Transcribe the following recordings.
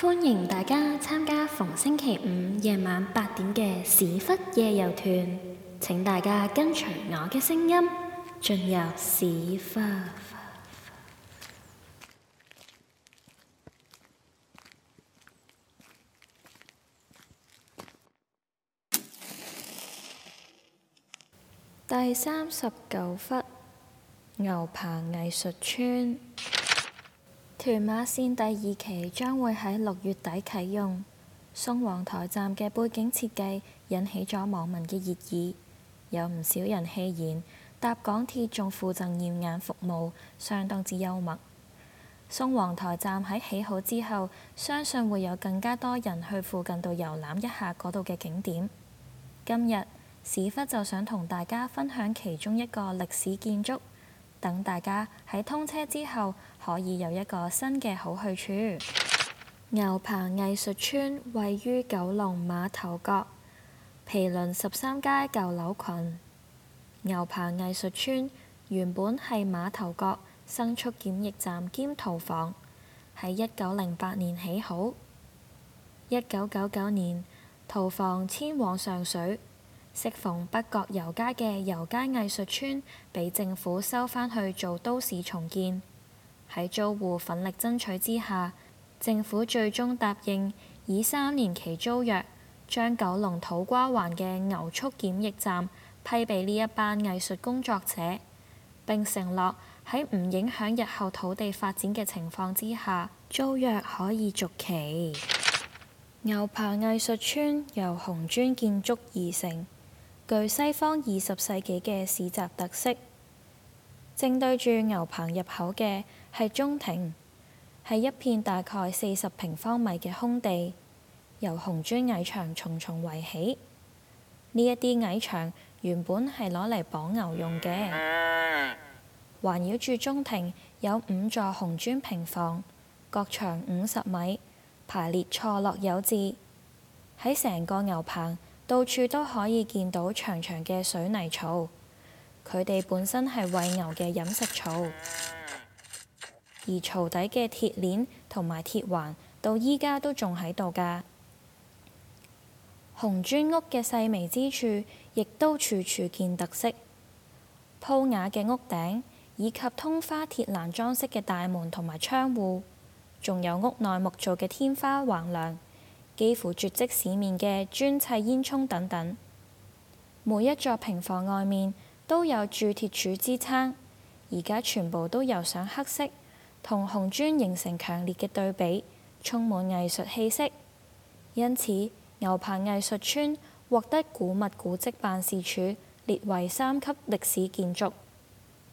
歡迎大家參加逢星期五夜晚八點嘅史窟夜遊團。請大家跟隨我嘅聲音進入史窟。第三十九窟，牛棚藝術村。屯馬線第二期將會喺六月底啟用，宋皇臺站嘅背景設計引起咗網民嘅熱議，有唔少人戲言搭港鐵仲附贈驗眼服務，相當之幽默。宋皇臺站喺起好之後，相信會有更加多人去附近度遊覽一下嗰度嘅景點。今日史窟就想同大家分享其中一個歷史建築。等大家喺通車之後，可以有一個新嘅好去處。牛棚藝術村位於九龍馬頭角，毗鄰十三街舊樓群。牛棚藝術村原本係馬頭角牲畜檢疫站兼屠房，喺一九零八年起好。一九九九年屠房遷往上水。適逢北角油街嘅油街藝術村，俾政府收翻去做都市重建。喺租戶奮力爭取之下，政府最終答應以三年期租約，將九龍土瓜灣嘅牛畜檢疫站批俾呢一班藝術工作者。並承諾喺唔影響日後土地發展嘅情況之下，租約可以續期。牛棚藝術村由紅磚建築而成。具西方二十世紀嘅市集特色，正對住牛棚入口嘅係中庭，係一片大概四十平方米嘅空地，由紅磚矮牆重重圍起。呢一啲矮牆原本係攞嚟綁牛用嘅。環繞住中庭有五座紅磚平房，各長五十米，排列錯落有致，喺成個牛棚。到處都可以見到長長嘅水泥槽，佢哋本身係餵牛嘅飲食槽。而槽底嘅鐵鏈同埋鐵環到依家都仲喺度㗎。紅磚屋嘅細微之處，亦都處處見特色，鋪瓦嘅屋頂，以及通花鐵欄裝飾嘅大門同埋窗戶，仲有屋內木造嘅天花橫梁。幾乎絕跡市面嘅磚砌煙囪等等，每一座平房外面都有鑄鐵柱支撐，而家全部都油上黑色，同紅磚形成強烈嘅對比，充滿藝術氣息。因此，牛棚藝術村獲得古物古蹟辦事處列為三級歷史建築。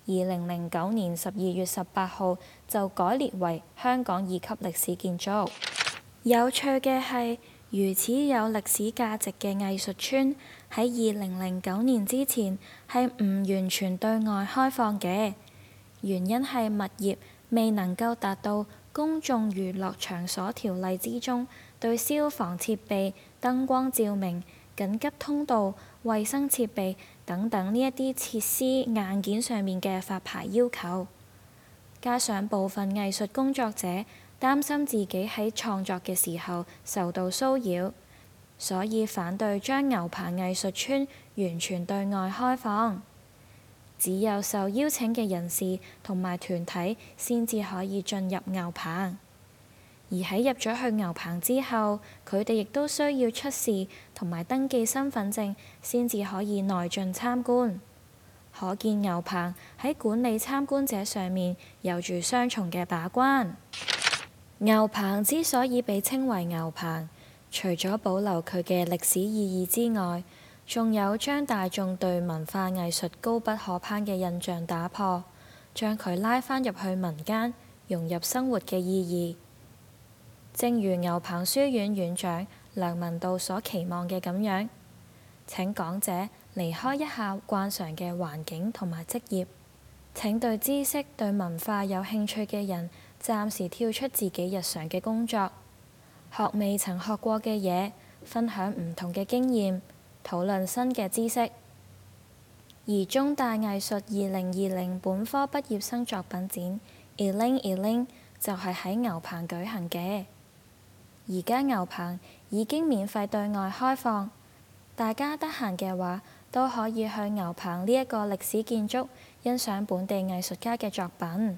二零零九年十二月十八號就改列為香港二級歷史建築。有趣嘅係，如此有歷史價值嘅藝術村喺二零零九年之前係唔完全對外開放嘅，原因係物業未能夠達到《公眾娛樂場所條例》之中對消防設備、燈光照明、緊急通道、衛生設備等等呢一啲設施硬件上面嘅發牌要求，加上部分藝術工作者，擔心自己喺創作嘅時候受到騷擾，所以反對將牛棚藝術村完全對外開放。只有受邀請嘅人士同埋團體先至可以進入牛棚。而喺入咗去牛棚之後，佢哋亦都需要出示同埋登記身份證，先至可以內進參觀。可見牛棚喺管理參觀者上面有住雙重嘅把關。牛棚之所以被稱為牛棚，除咗保留佢嘅歷史意義之外，仲有將大眾對文化藝術高不可攀嘅印象打破，將佢拉返入去民間，融入生活嘅意義。正如牛棚書院院長梁文道所期望嘅咁樣，請講者離開一下慣常嘅環境同埋職業，請對知識、對文化有興趣嘅人。暫時跳出自己日常嘅工作，學未曾學過嘅嘢，分享唔同嘅經驗，討論新嘅知識。而中大藝術二零二零本科畢業生作品展，Eling Eling 就係喺牛棚舉行嘅。而家牛棚已經免費對外開放，大家得閒嘅話都可以去牛棚呢一個歷史建築欣賞本地藝術家嘅作品。